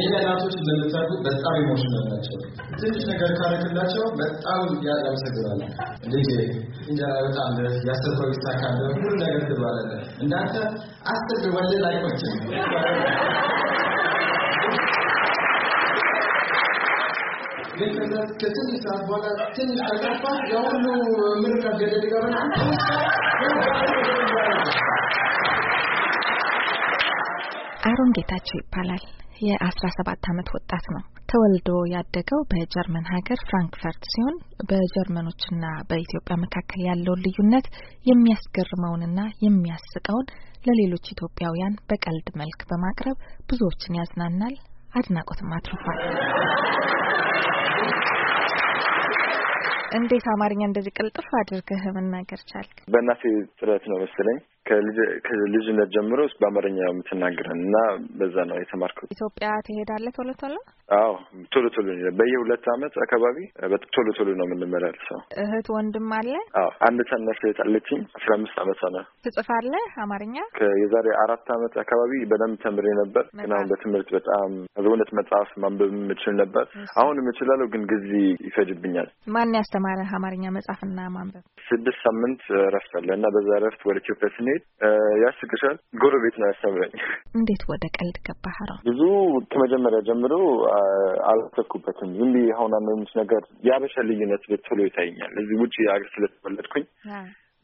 ይህ እናቶች እንደምታውቁ በጣም ኢሞሽናል ናቸው። ትንሽ ነገር ካረክላቸው በጣም ያመሰግናሉ። እንዴ እንጀራ በጣም ደስ ያሰብከው ይሳካል ሁሉ ነገር ትባላለህ። እንዳንተ አስር ወለድ አይቆችም። ግን ከዛ ከትንሽ ሰዓት በኋላ ትንሽ ከጠፋ ለሁሉ ምርቃ ገደል ይገባና አሮን ጌታቸው ይባላል። የ17 ዓመት ወጣት ነው። ተወልዶ ያደገው በጀርመን ሀገር ፍራንክፈርት ሲሆን በጀርመኖችና በኢትዮጵያ መካከል ያለውን ልዩነት የሚያስገርመውንና የሚያስቀውን ለሌሎች ኢትዮጵያውያን በቀልድ መልክ በማቅረብ ብዙዎችን ያዝናናል፣ አድናቆትም አትርፏል። እንዴት አማርኛ እንደዚህ ቅልጥፍ አድርገህ መናገር ቻልክ? በእናቴ ጥረት ነው መሰለኝ። ከልጅነት ጀምሮ ውስጥ በአማርኛ የምትናገረን እና በዛ ነው የተማርኩት። ኢትዮጵያ ትሄዳለህ ቶሎ ቶሎ? አዎ ቶሎ ቶሎ በየሁለት አመት አካባቢ ቶሎ ቶሎ ነው የምንመላልሰው። እህት ወንድም አለ? አዎ አንድ ታናሽ እህት አለችኝ። አስራ አምስት አመቷ ነው። ትጽፋለህ አማርኛ? የዛሬ አራት አመት አካባቢ በደንብ ተምሬ ነበር፣ ግን አሁን በትምህርት በጣም በእውነት መጽሐፍ ማንበብ የምችል ነበር። አሁን የምችላለሁ፣ ግን ጊዜ ይፈጅብኛል። ማን ያስተማረህ አማርኛ መጽሐፍና ማንበብ? ስድስት ሳምንት እረፍት አለ እና በዛ እረፍት ወደ ኢትዮጵያ ስኔ ስንሄድ ያስቅሻል። ጎረቤት ነው ያስተምረኝ። እንዴት ወደ ቀልድ ገባህ? ብዙ ከመጀመሪያ ጀምሮ አላሰብኩበትም። ዝም ብዬ አሁን አንዳንዶች ነገር የአበሻ ልዩነት ቶሎ ይታይኛል። እዚህ ውጭ ሀገር ስለተወለድኩኝ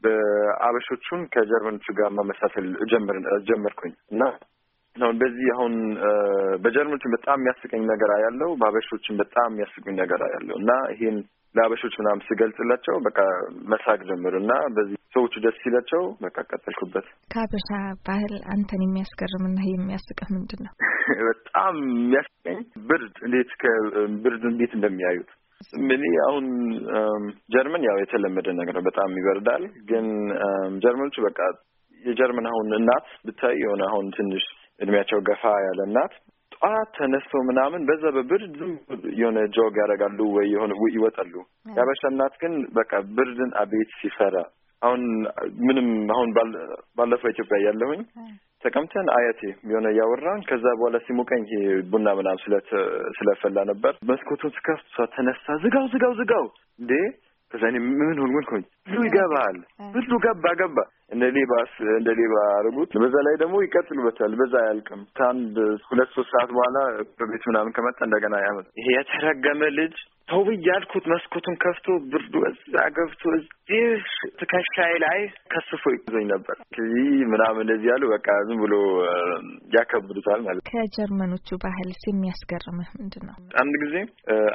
በአበሾቹን ከጀርመኖቹ ጋር መመሳሰል ጀመርኩኝ እና አሁን በዚህ አሁን በጀርመኖችን በጣም የሚያስቀኝ ነገር ያለው በአበሾችን በጣም የሚያስቀኝ ነገር ያለው እና ይሄን ለአበሾች ምናምን ስገልጽላቸው በቃ መሳቅ ጀምር እና በዚህ ሰዎቹ ደስ ሲላቸው በቃ ቀጠልኩበት። ከአበሻ ባህል አንተን የሚያስገርምና የሚያስቅህ ምንድን ነው? በጣም የሚያስቀኝ ብርድ፣ እንዴት ከብርድ እንዴት እንደሚያዩት እኔ አሁን ጀርመን ያው የተለመደ ነገር ነው፣ በጣም ይበርዳል። ግን ጀርመኖቹ በቃ የጀርመን አሁን እናት ብታይ የሆነ አሁን ትንሽ እድሜያቸው ገፋ ያለ እናት ጠዋት ተነስተው ምናምን በዛ በብርድ የሆነ ጆግ ያደርጋሉ ወይ የሆነ ይወጣሉ። የአበሻ እናት ግን በቃ ብርድን አቤት ሲፈራ አሁን ምንም አሁን ባለፈው ኢትዮጵያ ያለሁኝ ተቀምተን አያቴ የሆነ እያወራን ከዛ በኋላ ሲሞቀኝ ይሄ ቡና ምናምን ስለፈላ ነበር መስኮቱን ስከፍት እሷ ተነሳ ዝጋው ዝጋው ዝጋው እንዴ ከዛ እኔ ምን ሁን ምን ኮኝ ብዙ ይገባል ብዙ ገባ ገባ እንደ ሌባስ እንደ ሌባ አርጉት። በዛ ላይ ደግሞ ይቀጥሉበታል። በዛ አያልቅም። ከአንድ ሁለት ሶስት ሰዓት በኋላ በቤት ምናምን ከመጣ እንደገና ያመጣ። ይሄ የተረገመ ልጅ ተው እያልኩት መስኮቱን ከፍቶ ብርዱ እዛ ገብቶ እዚህ ትከሻዬ ላይ ከስፎ ይዞኝ ነበር። ከዚህ ምናምን እንደዚህ ያሉ በቃ ዝም ብሎ ያከብዱታል ማለት ከጀርመኖቹ ባህል የሚያስገርምህ ምንድን ነው? አንድ ጊዜ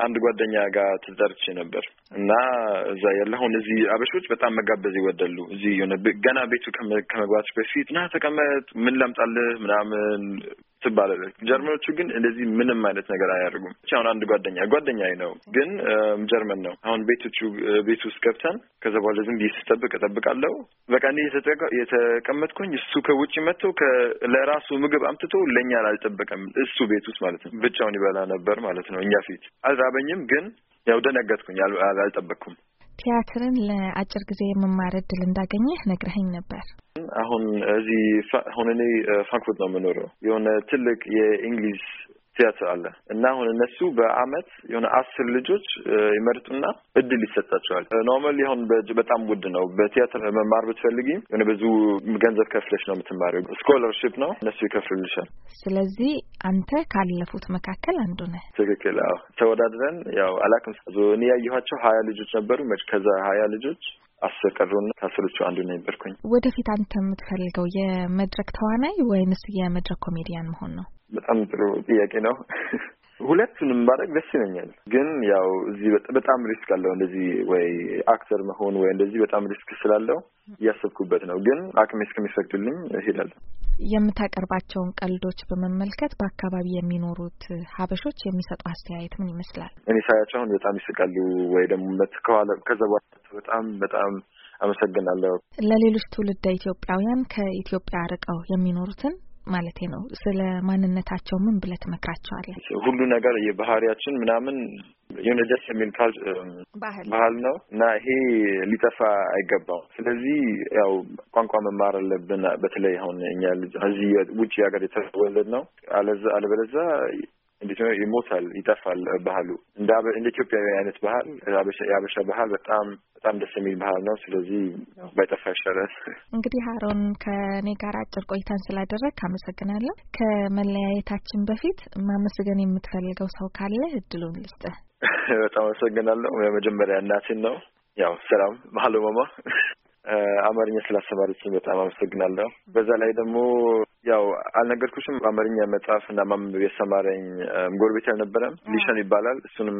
አንድ ጓደኛ ጋር ትጠርቼ ነበር እና እዛ ያለ አሁን እዚህ አበሾች በጣም መጋበዝ ይወዳሉ። እዚህ የሆነ ገና ቤቱ ከመግባት በፊት ና ተቀመጥ፣ ምን ላምጣልህ ምናምን ትባላለች። ጀርመኖቹ ግን እንደዚህ ምንም አይነት ነገር አያደርጉም። አሁን አንድ ጓደኛ ጓደኛ ነው ግን ጀርመን ነው። አሁን ቤቶቹ ቤት ውስጥ ገብተን ከዛ በኋላ ዝም ብዬ ስጠብቅ እጠብቃለሁ። በቃ እንዲህ የተቀመጥኩኝ እሱ ከውጭ መጥቶ ለራሱ ምግብ አምጥቶ ለእኛ አልጠበቀም። እሱ ቤት ውስጥ ማለት ነው ብቻውን ይበላ ነበር ማለት ነው እኛ ፊት አልራበኝም፣ ግን ያው ደነገጥኩኝ፣ አልጠበቅኩም። ቲያትርን ለአጭር ጊዜ የመማር እድል እንዳገኘህ ነግረኸኝ ነበር። አሁን እዚህ አሁን እኔ ፍራንክፉርት ነው የምኖረው። የሆነ ትልቅ የእንግሊዝ ቲያትር አለ እና አሁን እነሱ በአመት የሆነ አስር ልጆች ይመርጡና እድል ይሰጣቸዋል። ኖርማሊ አሁን በጣም ውድ ነው። በቲያትር መማር ብትፈልጊ የሆነ ብዙ ገንዘብ ከፍለሽ ነው የምትማሪው። ስኮለርሽፕ ነው እነሱ ይከፍሉልሻል። ስለዚህ አንተ ካለፉት መካከል አንዱ ነህ። ትክክል። አዎ ተወዳድረን ያው አላክም እኔ ያየኋቸው ሀያ ልጆች ነበሩ። ከዛ ሀያ ልጆች አስር ቀሩና ከአስሮቹ አንዱ ነበርኩኝ። ወደፊት አንተ የምትፈልገው የመድረክ ተዋናይ ወይንስ የመድረክ ኮሜዲያን መሆን ነው? በጣም ጥሩ ጥያቄ ነው። ሁለቱንም ባደርግ ደስ ይለኛል። ግን ያው እዚህ በጣም ሪስክ አለው እንደዚህ ወይ አክተር መሆን ወይ እንደዚህ በጣም ሪስክ ስላለው እያሰብኩበት ነው። ግን አቅሜ እስከሚፈቅድልኝ እሄዳለሁ። የምታቀርባቸውን ቀልዶች በመመልከት በአካባቢ የሚኖሩት ሀበሾች የሚሰጡ አስተያየት ምን ይመስላል? እኔ ሳያቸው አሁን በጣም ይስቃሉ ወይ ደግሞ ከኋላ ከዛ በኋላ በጣም በጣም አመሰግናለሁ። ለሌሎች ትውልደ ኢትዮጵያውያን ከኢትዮጵያ ርቀው የሚኖሩትን ማለት ነው። ስለ ማንነታቸው ምን ብለህ ትመክራቸዋለህ? ሁሉ ነገር የባህሪያችን ምናምን የሆነ ደስ የሚል ባህል ነው እና ይሄ ሊጠፋ አይገባም። ስለዚህ ያው ቋንቋ መማር አለብን። በተለይ አሁን እኛ ልጅ እዚህ ውጭ ሀገር የተወለድ ነው አለበለዛ እንዴት ነው ይሞታል፣ ይጠፋል ባህሉ እንደ ኢትዮጵያዊ አይነት ባህል የአበሻ ባህል በጣም በጣም ደስ የሚል ባህል ነው። ስለዚህ ባይጠፋ ይሻላል። እንግዲህ አሮን ከእኔ ጋር አጭር ቆይታን ስላደረግ አመሰግናለሁ። ከመለያየታችን በፊት ማመስገን የምትፈልገው ሰው ካለ እድሉን ልስጥ። በጣም አመሰግናለሁ። የመጀመሪያ እናትን ነው ያው ሰላም ባህሉ መማ አማርኛ ስላስተማረችኝ በጣም አመሰግናለሁ። በዛ ላይ ደግሞ ያው አልነገርኩሽም አማርኛ መጽሐፍ እና ማንበብ ያስተማረኝ ጎረቤት አልነበረም ሊሸን ይባላል። እሱንም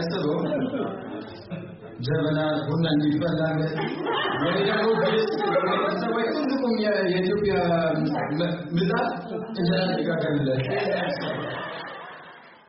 ያሰሩ ጀበና ቡና እንዲፈላ ወይ ትልቁም የኢትዮጵያ ምጣድ እንጀራ እንዲጋገርለት